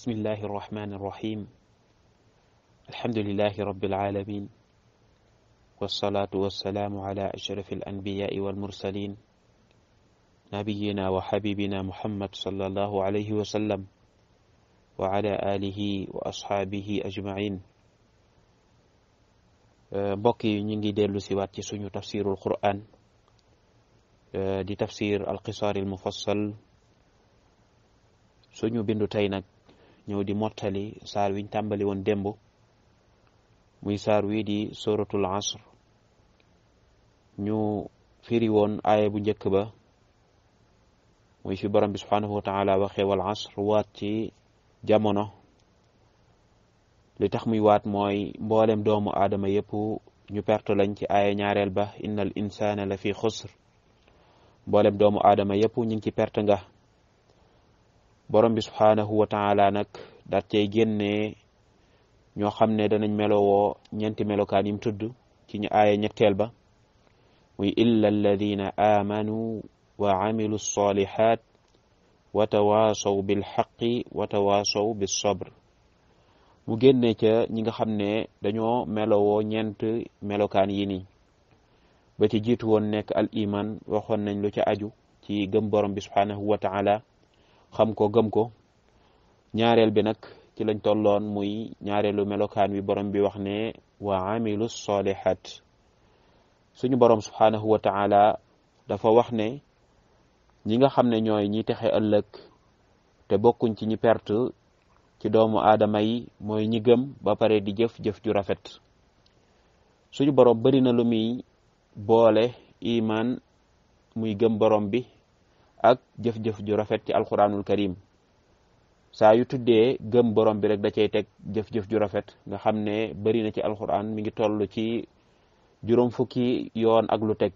بسم الله الرحمن الرحيم الحمد لله رب العالمين والصلاة والسلام على أشرف الأنبياء والمرسلين نبينا وحبيبنا محمد صلى الله عليه وسلم وعلى آله وأصحابه أجمعين بقي نيجي ديلو سيوات سنو تفسير القرآن دي تفسير القصار المفصل suñu bindu tey nag ñëw di mottali saar wiñ tàmbali woon démb muy saar wii di suratul asr ñu firi woon bu njëkk ba muy fi borom bi subhanahu wa taala waxee asr waat ci jamono li tax muy waat mooy mboolem doomu aadama yépp ñu perte lañ ci aaya ñaareel ba innal insaana la fi xusr mboolem doomu aadama yépp ñu ngi ci perte nga borom bi subhaanahu wa taala nag daat cay ñoo xam ne danañ melowoo ñeenti melokaan yim tudd ci ñu aaya ñetteel ba muy illa alladina aamanu wa amilu lsalihat wa tawaasaw bilxaqi wa tawaasaw bilsabr mu génne ca ñi nga xam ne dañoo melowoo ñeent melokaan yi nii ba ci jiitu woon nekk al iman waxoon nañ lu ci aju ci gëm borom bi subhaanahu wa xam ko gëm ko ñaareel bi nag ci lañ tolloon muy ñaareelu melokaan wi borom bi wax ne wa amilu solihat suñu borom subhanahu wa dafa wax ne ñi nga xam ne ñooy ñi texe ëllëg te bokkuñ ci ñi perte ci doomu aadama yi mooy ñi gëm ba pare di jëf-jëf ju rafet suñu borom bari na lu muy boole iman muy gëm borom bi ak jëf-jëf ju rafet ci alquranul karim saa yu tuddee gëm borom bi rek da cay teg jëf-jëf ju rafet nga xam ne bëri na ci alquran mi ngi toll ci juróom fukki yoon ak lu teg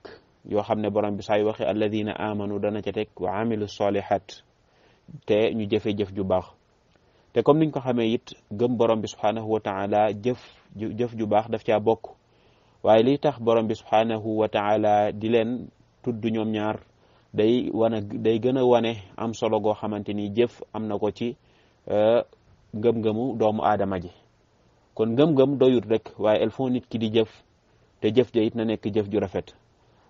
yoo xam ne borom bi saa yu waxee alladina amanu dana ca teg wa amilu solihat te ñu jëfe jëf ju baax te comme niñ ko xamee it gëm borom bi subhanahu wa taala jëf jëf ju baax daf caa bokk waaye liy tax borom bi subhanahu wa taala di leen tuddu ñoom ñaar day wane day gën a wane am solo goo xamante ni jëf am na ko ci euh, ngëm-ngëmu doomu aadama ji kon gëm gëm doyut rek waaye il faut nit ki di jëf te jëf ja na nekk jëf ju rafet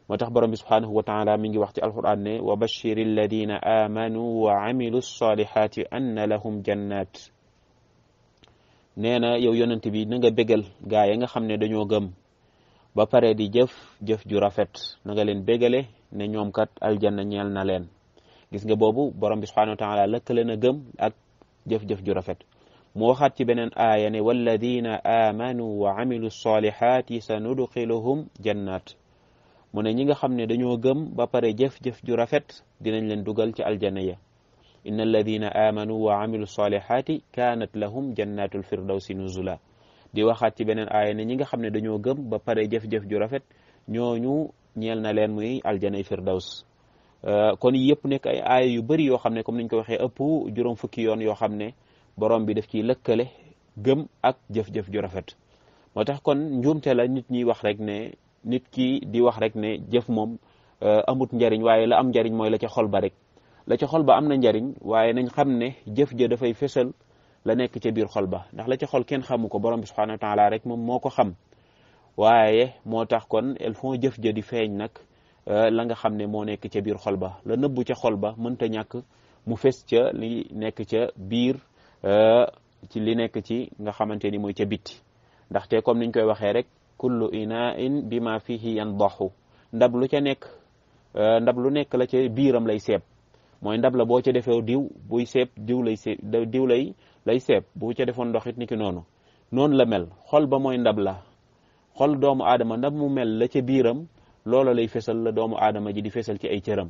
moo tax borom bi subhanahu wa taala mi ngi wax ci alquran ne wa bashir alladina amanu wa amilu salihati anna lahum jannat nee na yow yonent bi na nga bégal gaa yi nga xam ne dañoo gëm ba pare di jëf jëf ju rafet na nga leen bégale ne ñoom kat aljanna ñeel na leen gis nga boobu borom bi subhanahu wa taala lëkkale na gëm ak jëf-jëf ju rafet mu waxaat ci beneen aaya ne walladina amanu wa amilu salihati sa nudxiluhum jannat mu ne ñi nga xam ne dañoo gëm ba pare jëf-jëf ju rafet dinañ leen dugal ci aljanna ya inna alladina amanu wa amilu salihati kanat lahum jannatul firdawsi nuzula di waxaat ci beneen aaya ne ñi nga xam ne dañoo gëm ba pare jëf-jëf ju rafet ñeel na leen muy aljanay firdaws euh, kon yëpp nekk ay aaya yu bëri yoo xam ne comme niñ ko waxee ëpp juróom fukki yoon yoo xam ne borom bi daf ciy lëkkale gëm ak jëf-jëf ju rafet moo tax kon njuumte la nit ñiy wax rek ne nit ki di wax rek ne jëf moom euh, amut njariñ waaye la am njariñ mooy la ca xol ba rek la ca xol ba am na njariñ waaye nañ xam ne jëf ja dafay fësal la nekk ca biir xol ba ndax la ca xol kenn xamu ko borom bi subhanahu wa rek moom moo ko xam waaye moo tax kon el jëf ja di feeñ nag euh, la nga xam ne moo nekk ca biir xol ba la nëbbu ca xol ba mënta ñàkk mu fes ca li nekk ca biir euh, ci li nekk ci nga xamante ni mooy ca bitti ndaxte comme niñ koy waxee rek kullu inain bima fihi yandahu ndab lu ca nekk euh, ndab lu nekk la ca biiram lay seeb mooy ndab la boo ca defee diw buy seeb diw lay seeb diw lay lay seeb bu ca defoon ndox it ni noonu noonu la mel xol ba mooy ndab la xol doomu aadama ndax mu mel la ca biiram loola lay fësal la doomu aadama ji di fesal ci ay cëram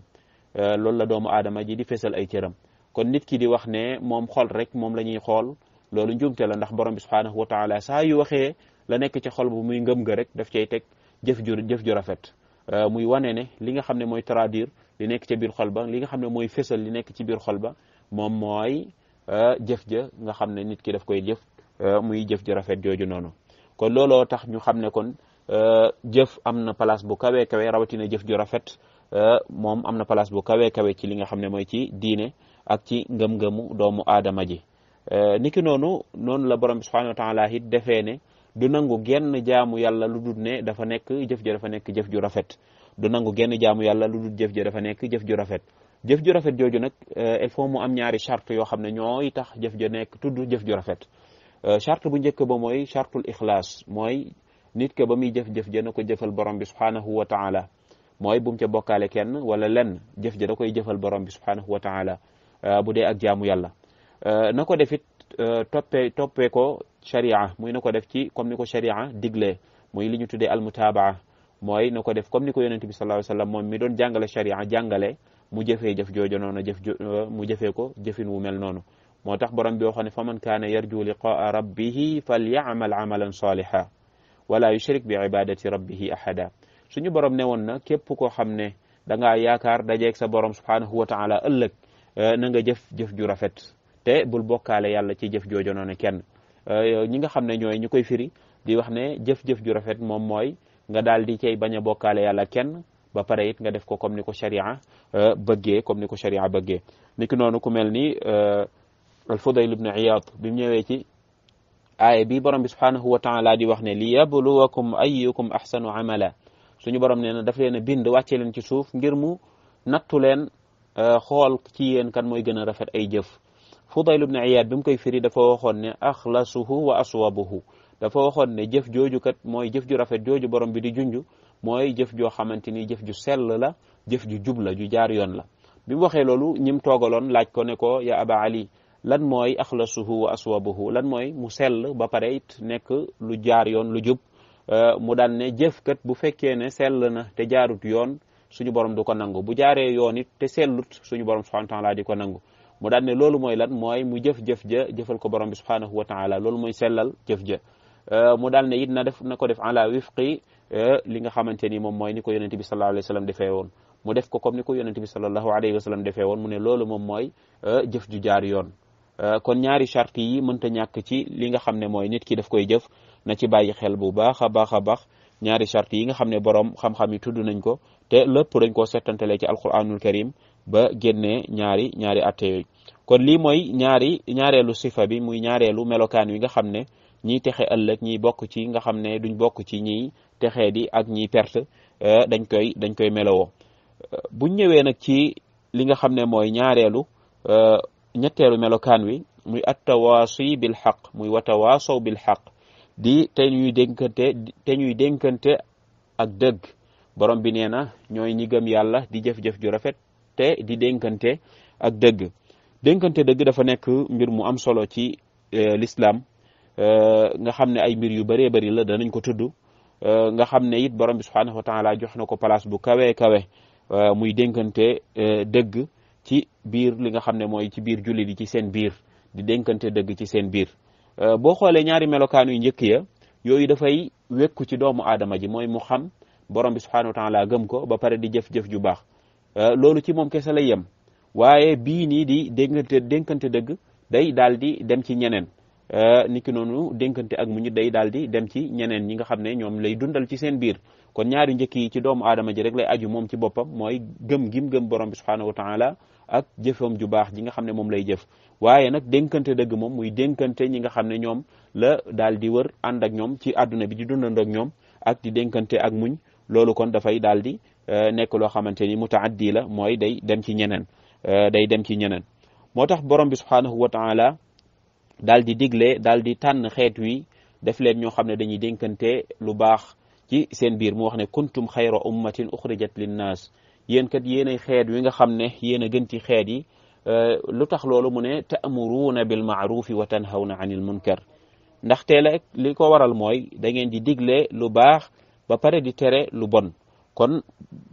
euh, loolu la doomu aadama ji di fesal ay cëram kon nit ki di wax ne moom xol rek moom la ñuy xool loolu njuumte la ndax borom bi subhaanahu wa taala saa yu waxee la nekk ci xol bu muy ngëm nga rek daf cay teg jëf ju jëf ju rafet euh, muy wane ne li nga xam ne mooy traduire li nekk ca biir xol ba li nga xam ne mooy fesal li nekk ci biir xol ba moom mooy euh, jëf ja nga xam ne nit ki daf koy jëf muy jëf ju rafet jooju noonu kon looloo tax ñu xam ne kon euh, jëf am na palace bu kawe kawe rawatina jëf ju rafet euh, moom am na place bu kawe kawe ci li nga xam ne mooy ci diine ak ci ngëm-ngëmu doomu aadama ji euh, niki noonu noonu la borom bi subhanahu wa it defee ne du nangu genn jaamu yàlla lu dul ne dafa nekk jëf ju dafa nekk jëf ju rafet du nangu genn jaamu yàlla lu dul jëf ju dafa nekk jëf ju rafet jëf ju rafet jooju nag il faut mu am ñaari charte yoo xam ne ñooy tax jëf ju nekk tudd jëf ju rafet Euh, charte bu njëkk ba mooy chartul ixlaas mooy nit ke ba muy jëf-jëf ja na ko jëfal borom bi subhanahu wa taala mooy bu ce ca bokkaale kenn wala lenn jëf ja da koy jëfal borom bi subhanahu wa taala euh, bu dee ak jaamu yàlla euh, na ko def it toppee toppee ko sharia muy na ko def ci comme ni ko sharia diglee muy li ñu tuddee almutaabaa mooy na ko def comme ni ko yonente bi sallallahu alayhi wasallam moom mi doon jàngale sharia jàngale mu jëfee jëf joojo noonu jëf mu jëfee ko jëfin wu mel noonu moo tax borom bi waxoon ne fa man kaana yarju liqaa rabbihi falyamal amalan saliha wala yushrik bi ibadati rabbihi ahada suñu borom ne woon na képp koo xam ne da ngaa yaakaar dajeeg sa borom subhanahu wa taala ëllëg eh, na nga jef jëf ju rafet te bul bokkaale yàlla ci jëf joojo noonu kenn eh, ñi nga xam ne ñooy ñu koy firi di wax ne jëf-jëf ju rafet moom mooy nga daal di cay bañ a bokkaale yàlla kenn ba pare it nga def ko comme ni ko sharia eh, bëggee comme ni ko sharia bëggee niki noonu ku mel ni al fudayl ibn iyaad bi mu ñëwee ci aaya bi borom bi subhaanahu wa taala di wax ne li yabluwakum ayyukum ahsanu amala suñu borom nee na daf leen a bind wàcce leen ci suuf ngir mu nattu leen euh, xool ci yéen kan mooy gën a rafet ay jëf fudayl ibn iyaad bi mu koy firi dafa waxoon ne axlasuhu wa aswabuhu dafa waxoon ne jëf jooju kat mooy jëf ju rafet jooju borom bi di junj mooy jëf joo xamante ni jëf ju sell la jëf ju jub la ju jaar yoon la bi waxee loolu ñim toogaloon laaj ko ne ko lan mooy axlasuhu wa aswabuhu lan mooy mu sell ba pare it nekk lu jaar yoon lu jub euh, mu daan ne jëfkat bu fekkee ne sell na te jaarut yoon suñu borom du ko nangu bu jaaree yoon it te sellut suñu borom subhanahu wa taala ko nangu mu daan ne loolu mooy lan mooy mu jëf ja jëfal ko borom bi subhanahu wa taala loolu mooy sellal jëf ja euh, mu daal ne it na def na ko def ala wifqi euh, li nga xamante ni moom mooy ni ko yonente bi sallallahu alayhi wa sallam defee woon mu def ko comme ni ko yonente bi sallallahu alayhi wa sallam defee woon mu ne loolu moom mooy jëf ju jaar yoon Euh, kon ñaari charte yi mënta ñàkk ci li nga xam ne mooy nit ki def koy jëf na ci bàyyi xel bu baax a baax a baax ñaari charte yi nga xam ne borom xam-xam yi tudd nañ ko te lépp dañ koo settantale ci alquranul karim ba génnee ñaari ñaari atte yooyu kon lii mooy ñaari ñaareelu sifa bi muy ñaareelu melokaan wi nga xam ne ñiy texe ëllëg ñiy bokk ci nga xam ne duñ bokk ci ñiy texee di ak ñiy perte euh, dañ koy dañ koy melowoo euh, buñ ñëwee nag ci li nga xam ne mooy ñaareelu ñetteelu melokaan wi muy attawaasi bil xaq muy watawaasaw bil xaq di te ñuy dénkante dénkante ak dëgg borom bi nee na ñooy ñi gëm yàlla di jëf-jëf ju rafet te di dénkante ak dëgg dénkante dëgg dafa nekk mbir mu am solo ci eh, lislaam eh, nga xam ne ay mbir yu bëree bari la danañ ko tudd eh, nga xam ne it borom bi subhanahu wa taala jox na ko place bu kawe kawe muy dénkante dëgg ci biir li nga xam ne mooy ci biir jullit yi ci seen biir di dénkante dëgg ci seen biir euh, boo xoolee ñaari melokaanu yu njëkk ya yooyu dafay wekku ci doomu aadama ji mooy mu xam borom bi subhanahu wa taala gëm ko ba pare di jëf-jëf ju baax euh, loolu ci moom kese lay yem waaye bii nii di dénkante dénkante dëgg day daal di dem ci ñeneen euh, niki noonu dénkante ak muñu day daal di dem ci ñeneen ñi nga xam ne ñoom lay dundal ci seen biir kon ñaari njëkk yi ci doomu aadama ji rek lay aju moom ci boppam mooy gëm gim gëm borom bi subhanahu wa taala ak jëfam ju baax ji nga xam ne moom lay jëf waaye nag dénkante dëgg moom muy dénkante ñi nga xam ne ñoom la daal di wër ànd ak ñoom ci àdduna bi di dundandoo ak ñoom ak di dénkante ak muñ loolu kon dafay daal di euh, nekk loo xamante ni mutaaddi la mooy day dem ci ñeneen euh, day dem ci ñeneen moo tax borom bi subhaanahu wa taala daal di digle daal di tànn xeet wi def leen ñoo xam ne dañuy dénkante lu baax ci seen biir mu wax ne kuntum xayra ummatin uxrijat linnaas yéen kat yéenay xeet wi nga xam ne yéen a gën ci xeet yi euh, lu tax loolu mu ne taamuruuna bil maarufi wa tanhawna anil munkar ndaxte la li ko waral mooy dangeen di digle lu baax ba pare di tere lu bon kon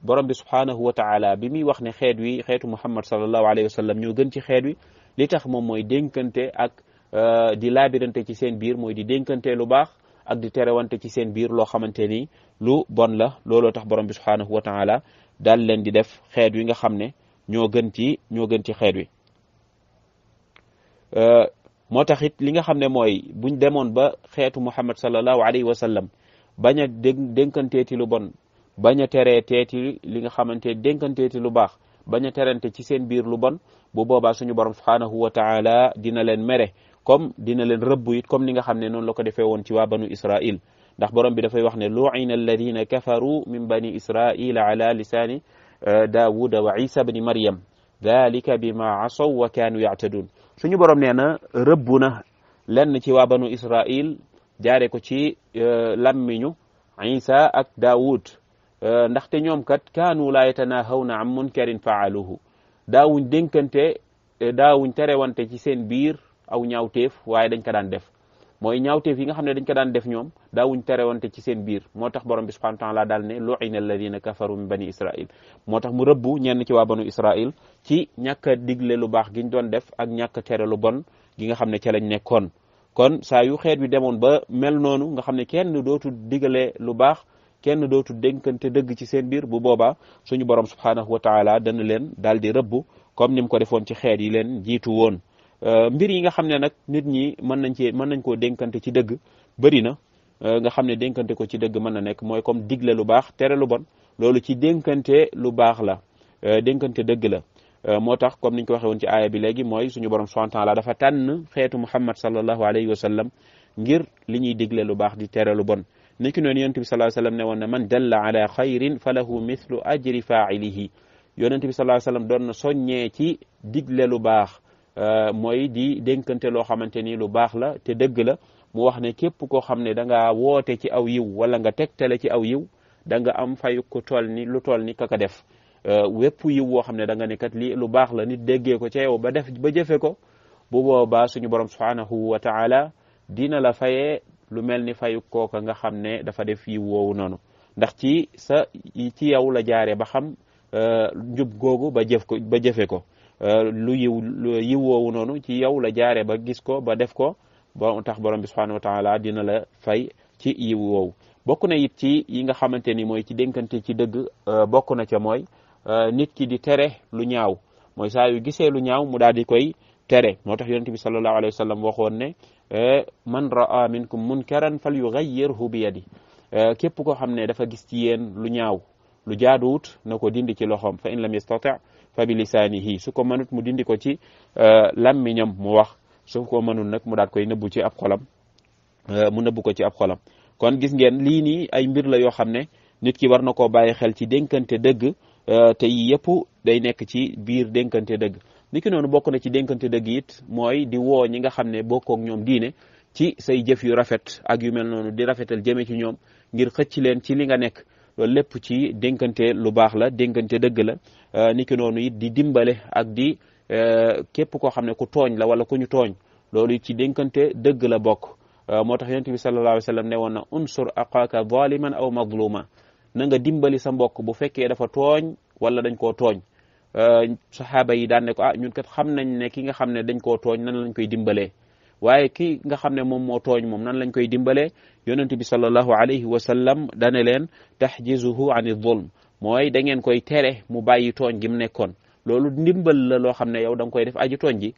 borom bi subhaanahu wa taala bi muy wax ne xeet wi xeetu muhammad sallallahu alayhi wa sallam ñoo gën ci xeet wi li tax moom mooy dénkante ak euh, di laabirante ci seen biir mooy di dénkante lu baax ak di terewante ci seen biir loo xamante ni lu bon la looloo tax borom bi subhaanahu wa taala daal leen di def xeet wi nga xam ne ñoo gën ci ñoo gën ci xeet wi euh, moo tax it li nga xam ne mooy buñ demoon ba xeetu muhammad sallallahu alayhi wa sallam bañ a dé dénkanteeti lu bon bañ a teree teeti li nga xamante dénkanteeti lu baax bañ a terante ci seen biir lu bon bu boobaa suñu borom subhaanahu wa taala dina leen mere comme dina leen rëbb it comme ni nga xam ne noonu la ko defee woon ci waa banu israil ndax borom bi dafay wax ne luina alladina kafaru min bani israila ala lisani eh, daawuda wa isa bni maryam dalika bima asaw wa kaanu yactadun suñu borom nee na rëbbu na lenn ci waa banu israil jaare ko ci eh, lammiñu isa ak daawud eh, ndaxte ñoom kat kaanu laa yatanahawna an munkarin faaluhu daawuñ dénkante daawuñ terewante ci seen biir aw ñaawteef waaye dañ ko daan def mooy ñaawteef yi nga xam ne dañ ko daan def ñoom daawuñ terewante ci seen biir moo tax borom bi subhanahu wa taala daal ne lu'ina alladina kafaru min bani israil moo tax mu rëbbu ñenn ci waa banu israil ci ñàkk a digle lu baax giñ doon def ak ñàkk a tere lu bon gi nga xam ne ca lañ nekkoon kon saa yu xeet wi demoon ba mel noonu nga xam ne kenn dootu digle lu baax kenn dootu dénkante dëgg ci seen biir bu boobaa suñu borom subhanahu wa taala dana leen daal di rëbbu comme ni mu ko defoon ci xeet yi leen jiitu woon Euh, mbir yi nga xam ne nag nit ñi mën nañ cee mën nañ koo dénkante ci dëgg bëri na euh, nga xam ne dénkante ko ci dëgg mën na nekk mooy comme digle lu baax tere lu bon loolu ci dénkante lu baax la euh, dénkante dëgg la moo tax comme niñ ko waxee ci aaya bi léegi mooy suñu borom subhanahu wa taala dafa tànn xeetu muhammad sallallahu alayhi wa sallam ngir li ñuy digle lu baax di tere lu bon niki noonu yonent bi sallallahu alayhi wa sallam ne woon ne man dalla ala xayrin fa lahu mithlu ajri failihi yonent bi sallallahu alayhi wa sallam doon na soññee ci digle lu baax Euh, mooy di dénkante loo xamante ni lu baax la te dëgg la mu wax ne képp koo xam ne danga woote ci aw yiw wala nga tegtale ci aw yiw da nga am fayu ku tol ni lu toll ni kaka def euh, wépp yiw woo xam ne da nga ne kat lii lu baax la nit déggee ko ca yow ba def ba jëfe ko bu boobaa suñu borom subhanahu wa taala dina la fayee lu mel ni fayu kooka nga xam ne dafa def yiw woowu noonu ndax ci sa ci yow la jaare ba xam euh, njub googu ba jëf ko ba jëfe ko lu yiw yiw woowu noonu ci yow la jaare ba gis ko ba def ko ba tax borom bi subhanahu wa taala dina la fay ci yiw woowu bokk na it ci yi nga xamante ni mooy ci dénkante ci dëgg euh, bokk na ca mooy euh, nit ki di tere lu ñaaw mooy saa yu gisee lu ñaaw mu daal di koy tere moo tax yonent bi sallallahu alayhi wa sallam waxoon ne euh, man raa minkum munkaran fal yughayyirhu bi yadi képp koo xam ne dafa gis ci yéen lu ñaaw lu jaaduwut na ko dindi ci loxoom fa in lam yastati fa bi lisaanihi su ko mënut mu dindi ko ci euh, làmmiñam mu wax su ko mënul nag mu daat koy nëbbu ci ab xolam euh, mu nëbbu ko ci ab xolam kon gis ngeen lii nii ay mbir la yoo xam ne nit ki war na koo bàyyi xel ci dénkante dëgg euh, te yi yëpp day nekk ci biir dénkante dëgg niki noonu bokk na ci dénkante dëgg it mooy di woo ñi nga xam ne bokkook ñoom diine ci say jëf yu rafet ak yu mel noonu di rafetal jëme ci ñoom ngir xëcc leen ci li nga nekk lépp ci dénkante lu baax la dénkante dëgg la euh, ki noonu it di dimbale ak di euh, képp koo xam ne ku tooñ la wala ku ñu tooñ loolu ci dénkante dëgg la bokk euh, moo tax yonent bi sallallahu alayhi ne woon na unsur aqaaka zaliman aw mazluma na nga dimbali sa mbokk bu fekkee dafa tooñ wala dañ koo tooñ saxaaba yi daan ne ko ah ñun kat xam nañ ne ki nga xam ne dañ ko tooñ nan lañ koy dimbalee waaye ki nga xam ne moom moo tooñ moom nan lañ koy dimbalee yonent bi sallallahu alayhi wa sallam dane leen tahjizuhu ani zulm mooy da ngeen koy tere mu bàyyi tooñ gi mu nekkoon loolu ndimbal la loo xam ne yow da koy def aji tooñ ji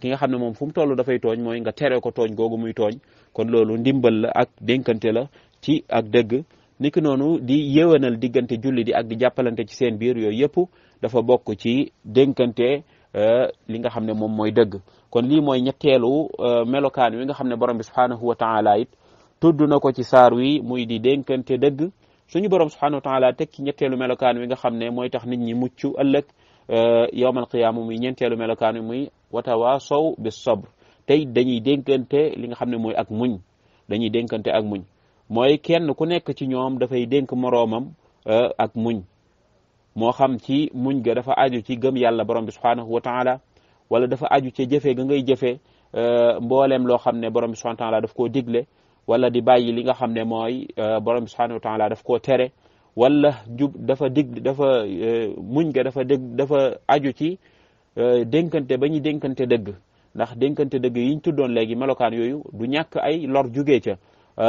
ki nga xam ne moom fu mu toll dafay tooñ mooy nga tere ko tooñ googu muy tooñ kon loolu ndimbal la ak dénkante la ci ak dëgg niki noonu di yéwénal diggante julli di ak di jàppalante ci seen biir yooyu yëpp dafa bokk ci dénkante euh, li nga xam ne moom mooy dëgg kon lii mooy ñetteelu euh, melokaan wi nga xam ne borom bi subhanahu wa taala it tudd na ko ci saar wi muy di dénkante dëgg suñu borom subhanahu wa taala ñetteelu melokaan wi nga xam ne mooy tax nit ñi mucc ëllëg euh, yawmal qiyaama muy ñeenteelu melokaan wi muy watawaasow bis sabr tey dañuy dénkante li nga xam ne mooy ak muñ dañuy dénkante ak muñ mooy kenn ku nekk ci ñoom dafay dénk moroomam euh, ak muñ moo xam ci muñ ga dafa aju ci gëm yàlla borom bi subhanahu wala dafa aju ce jëfe ga ngay jëfe euh, mbooleem loo xam ne borom bi subhanahu daf koo digle wala di bàyyi li nga xam ne mooy euh, borom bi subhanahu wa taala koo tere wala jub dafa dig dafa euh, muñ ga dafa dégg dafa aju ci dénkante ba ñuy dénkante dëgg ndax dénkante dëgg yiñ tuddoon léegi melokaan yooyu du ñàkk ay lor jugee ca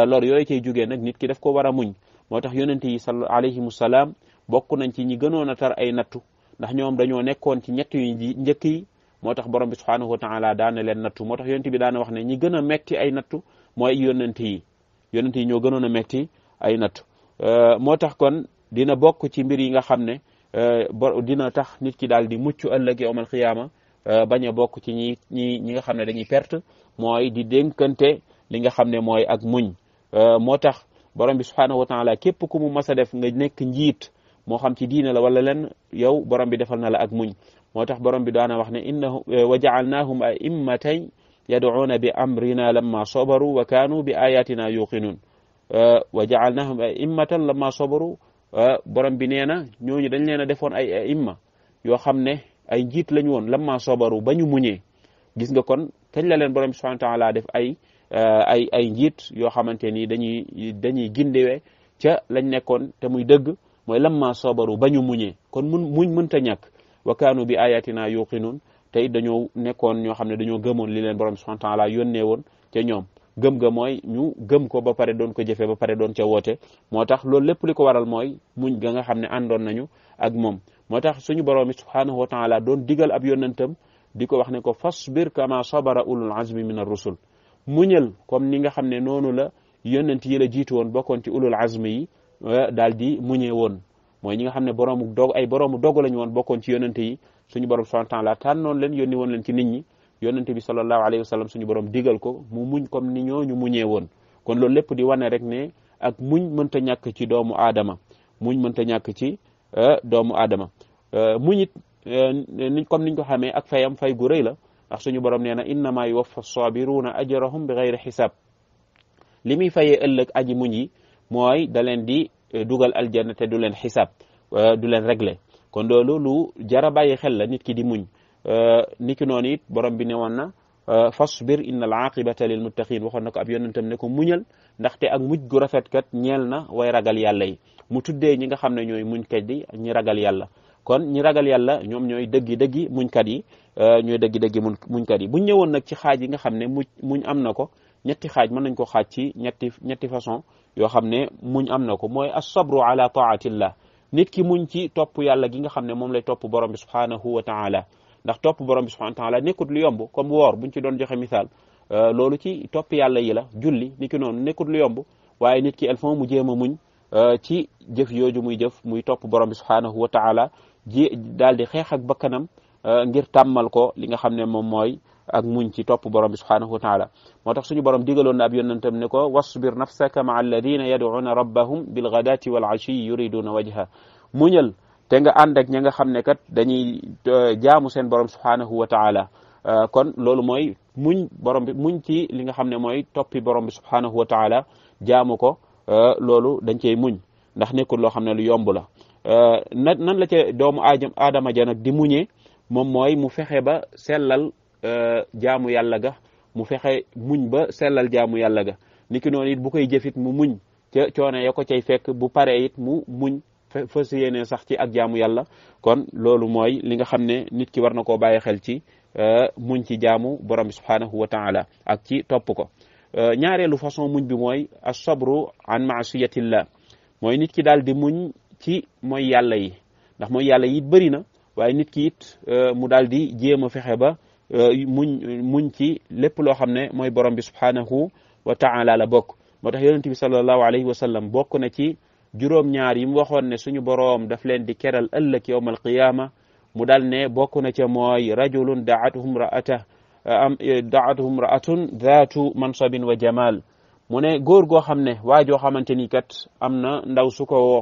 lor yooyu cay jugee nag nit ki daf ko war a muñ moo tax yonente yi sal alayhimu salaam bokk nañ ci ñi gënoon a tar ay nattu ndax ñoom dañoo nekkoon ci ñett yu njëkk yi moo tax borom bi subhanahu wa taala daan na leen nattu moo tax yonent bi daan na wax gën a metti ay nattu mooy yonent yi yonent yi ñoo gënoon a metti ay nattu euh, moo tax kon dina bokk ci mbir yi nga xam ne euh, dina tax nit ki daal di mucc ëllëg yawmal xiyaama euh, bañ a bokk ci ñi ñi ñi nga xam ne dañuy perte mooy di dénkante li nga xam ne mooy ak muñ moo tax borom bi subhanahu wa taala képp ku mu mas a def nga nekk njiit moo xam ci diine la wala len yow borom bi defal na la ak muñ moo tax borom bi daana wax ne innahu eh, wa jacalnaahum a'immatan yadcuuna bi amrina lamma sabaru wa kaanu bi ayatina yuqinuun eh, wa jacalnaahum a'immatan lamma sabaru eh, borom bi nee na ñooñu dañ leen a defoon ay aimma yoo xam ne ay njiit lañu woon lamma sabaru ba ñu muñee gis nga kon kañ la leen borom bi subhaanahu wa def ay ay ay njiit yoo xamante ni dañuy dañuy gindewe ca lañ nekkoon te muy dëgg mooy lamma sabaru ba ñu muñee kon mun muñ mënta ñàkk wa kaanu bi ayatina yuqinuun te it dañoo nekkoon ñoo xam ne dañoo gëmoon li leen borom subhanahu wa taala woon ca ñoom gëm ga mooy ñu gëm ko ba pare doon ko jëfee ba pare doon ca woote moo tax lool lépp li ko waral mooy muñ ga nga xam ne àndoon nañu ak moom moo tax suñu borom bi subhanahu wa taala doon digal ab yónnantam di ko wax ne ko fasbir kama sabara ulul azmi min ar-rusul muñal comme ni nga xam ne noonu la yónnant yi la jiitu woon bokkoon ci ulul azmi eh, daal di muñee woon mooy ñi nga xam ne boroomu doog ay boroomu doog lañu woon bokkoon ci yonente yi suñu borom subhanahu wa taala tànnoon leen yónni woon leen ci nit ñi yonente bi sallallahu alayhi wa suñu borom digal ko mu muñ comme ni ñooñu muñee woon kon loolu lépp di wane rek ne ak muñ mënta ñàkk ci doomu aadama muñ mënta ñàkk ci euh, doomu aadama euh, muñit euh, ni comme niñ ko xamee ak fayam fay gu rëy la ak suñu borom nee na innama yuwaffa sabiruna ajrahum bi xayri xisaab li muy fayee ëllëg aji muñ yi mooy da leen di Eh, dugal aljanna te du leen xisaab eh, du leen réglé kon loolu lu jar a bàyyi xel la nit ki di muñ eh, niki noonu it borom bi ne woon na fasbir inna al aqibata lil muttaqin waxoon na ko ab tam ne ko muñal ndaxte ak muj gu rafet kat ñeel na way ragal yàlla yi mu tuddee ñi nga xam ne ñooy muñ kat ñi ragal yàlla kon ñi ragal yàlla ñoom ñooy dëggi-dëggi muñkat yi ñooy dëggi-dëggi muñkat yi buñ ñëwoon nag ci xaaj yi nga xam ne muñ muñ am na ko ñetti xaaj mën nañ ko xaaj ci ñetti ñetti façon yoo xam ne muñ am na ko mooy as-sabru ala taatillah nit ki muñ ci topp yàlla gi nga xam ne moom lay topp borom bi subhanahu wa taala ndax borom bi subhanahu wa nekkut lu yomb comme woor buñ ci doon joxe misaal euh, loolu ci topp yàlla yi la julli niki noonu nekkut lu yomb waaye nit ki il faut mu jéem a muñ euh, ci jëf yooju muy jëf muy topp borom bi subhanahu wa taala ji daal di xeex ak bakkanam euh, ngir tàmmal ko li nga xam ne moom mooy ak muñ ci topp borom bi subhanahu wa taala moo tax suñu borom digaloon na ab yonentam ne ko wasbir nafsaka maa alladina yaduuna te nga ànd ak ña nga xam ne kat dañuy euh, jaamu seen borom subhanahu wa taala euh, kon loolu mooy muñ borom bi muñ ci li nga xam ne mooy toppi borom bi subhanahu wa taala jaamu ko euh, loolu dañ cey muñ ndax nekkul loo xam ne lu yomb la nan la ca doomu aadama ja nag di muñee moom mooy mu fexe ba sellal Euh, jaamu yàlla ga mu fexe muñ ba sellal jaamu yàlla ga niki noonu it bu koy jëfit mu muñ ca coono ya ko cay fekk bu paree it mu muñ fas yéene sax ci ak jaamu yàlla kon loolu mooy li nga xam ne nit ki war na koo bàyyi xel ci euh, muñ ci jaamu borom bi subhanahu wa taala ak ci topp ko euh, ñaareelu façon muñ bi mooy as-sabru an maasiyatillah mooy nit ki daal di muñ ci mooy yàlla yi ndax mooy yàlla yi bëri na waaye nit ki it mu daal di jéem a fexe ba Euh, muñ muñ ci lépp loo xam ne mooy borom bi subhanahu wa taala la bokk moo tax yonent bi sallallahu alayhi wa sallam bokk na ci juróom-ñaar yi mu waxoon ne suñu boroom daf leen di keral ëllëg yowm alqiyaama mu dal ne bokk na ca mooy rajulun daatuhum raata am daatuhum raatun daatu mansabin wa jamal mu ne góor goo xam ne waa joo xamante ni kat am na ndaw su ko woo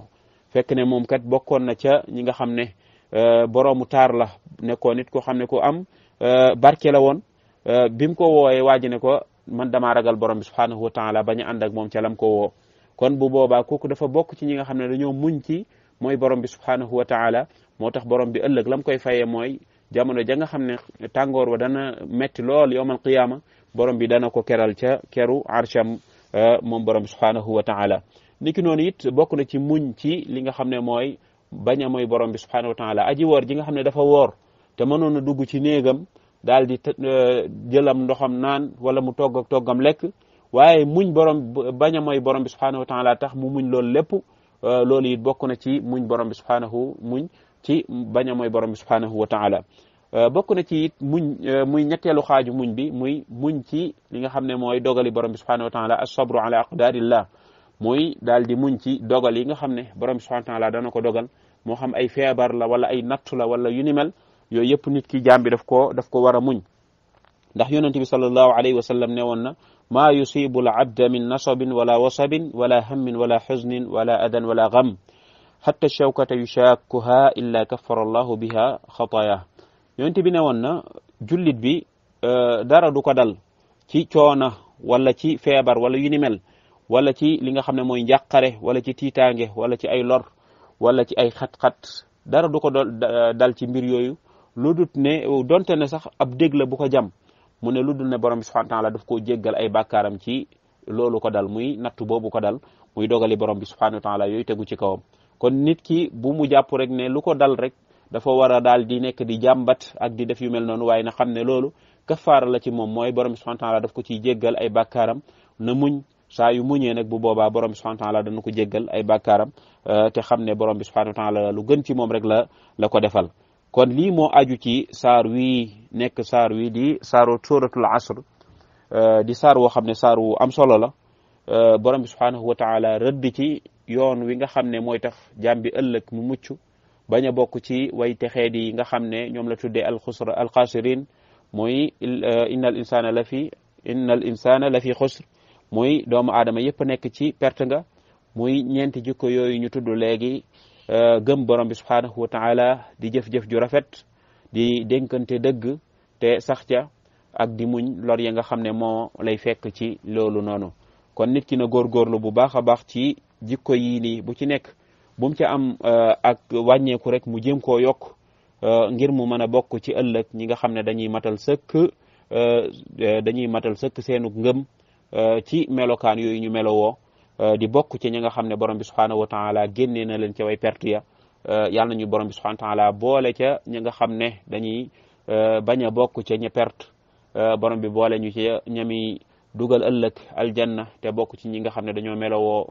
fekk ne moom kat bokkoon na ca ñi nga xam ne euh, boroomu taar la nekkoon nit ko xam ne ko am Euh, barke la woon euh, bi mu ko wooyee waa ji ne ko man damaa ragal borom bi subhanahu wa taala bañ a moom ca lam ko woo kon bu boobaa kooku dafa bokk ci ñi nga xam ne dañoo muñ ci mooy borom bi subhanahu wa taala moo tax borom bi ëllëg lam koy fayee mooy jamono ja nga xam ne tàngoor dana metti lool yowmal qiyaama borom bi dana ko keral ca keru arsham euh, moom borom bi subhanahu wa taala niki noonu it bokk na ci muñ ci li nga xam ne mooy bañ a mooy borom bi subhanahu wa taala aji woor ji nga xam ne dafa woor te mënoon a dugg ci néegam daal di te euh, jëlam ndoxam naan wala mu togg ak toggam lekk waaye muñ borom bañ mooy borom bi subhanahu wa taala tax mu muñ loolu lépp euh, loolu it bokk na ci muñ borom bi subhanahu muñ ci bañ a mooy borom bi subhanahu wa taala euh, bokk na ci it muñ muy ñetteelu xaaju muñ bi muy muñ ci li nga xam ne mooy dogali borom bi subhanahu wa taala as-sabru ala aqdarillah muy daal di muñ ci dogal yi nga xam ne borom bi subhanahu wa taala dana ko dogal moo xam ay feebar la wala ay nattu la wala yu mel yooyu yëpp nit ki jaam bi daf koo daf ko war a muñ ndax yonent bi sallallahu alayhi wa sallam ne woon na maa yusibu al abda min nasabin wala wasabin wala hammin wala xusnin wala adan wala gam xatta shawkata yushaakuha illa kafara allahu biha xataaya yonent bi ne woon na jullit bi euh, dara du ko dal ci coona wala ci feebar wala yu wala ci li nga xam ne mooy njàqare wala ci tiitaange wala ci ay lor wala ci ay xat-xat dara du ko dal euh, ci mbir yooyu lu dut ne donte ne sax ab dég la bu ko jam mu ne lu dul ne borom bi subhanahu wa taala daf koo jéggal ay bàkkaaram ci loolu ko dal muy nattu boobu ko dal muy dogali borom bi subhanahu wa taala yooyu tegu ci kawam kon nit ki bu mu jàpp rek ne lu ko dal rek dafa war a daal di nekk di jàmbat ak di def yu mel noonu waaye na xam ne loolu kafaara la ci moom mooy borom bi daf ko ciy jéggal ay bakkaaram na muñ saa yu muñee nag bu boobaa borom bi subhanahu wa taala dana ko jéggal ay bàkkaaram te xam ne borom bi subhanahu wa la lu gën ci moom rek la la ko defal kon lii moo aju ci saar wi nekk saar wi di saaru suratul asr euh, di saar woo xam ne saar wu am solo la euh, borom bi subhaanahu wa taala rëdd ci yoon wi nga xam ne mooy tax jàmm ëllëg mu mucc bañ a bokk ci way texeed yi nga xam ne ñoom la tuddee alxusra alxaasirin mooy euh, inna al insana la fi inna la fi xusr mooy doomu aadama yëpp nekk ci pert nga muy ñeenti jikko yooyu ñu tudd léegi Euh, gëm borombi bi subhanahu wa taala di jëf-jëf ju rafet di dénkante dëgg te sax ak di muñ lor ya nga xam ne moo lay fekk ci loolu noonu kon nit ki na góorgóorlu bu baax a baax ci jikko yii nii bu ci nekk bu ci ca am euh, ak wàññeeku rek mu jëm koo yokk euh, ngir mu mën a bokk ci ëllëg ñi nga xam ne dañuy matal sëkk dañuy matal sëkk seenu ngëm ci melokaan yooyu ñu melowoo Euh, di bokk ci ñi nga xam ne borom bi subhanahu wa taala génnee na leen ca way perte ya euh, yàlla nañu borom bi subhanahu wa taala boole ca ñi nga xam ne dañuy euh, bañ a bokk ca ña perte borom bi boole ñu ci ñami dugal ëllëg aljanna te bokk ci ñi nga xam ne dañoo melowoo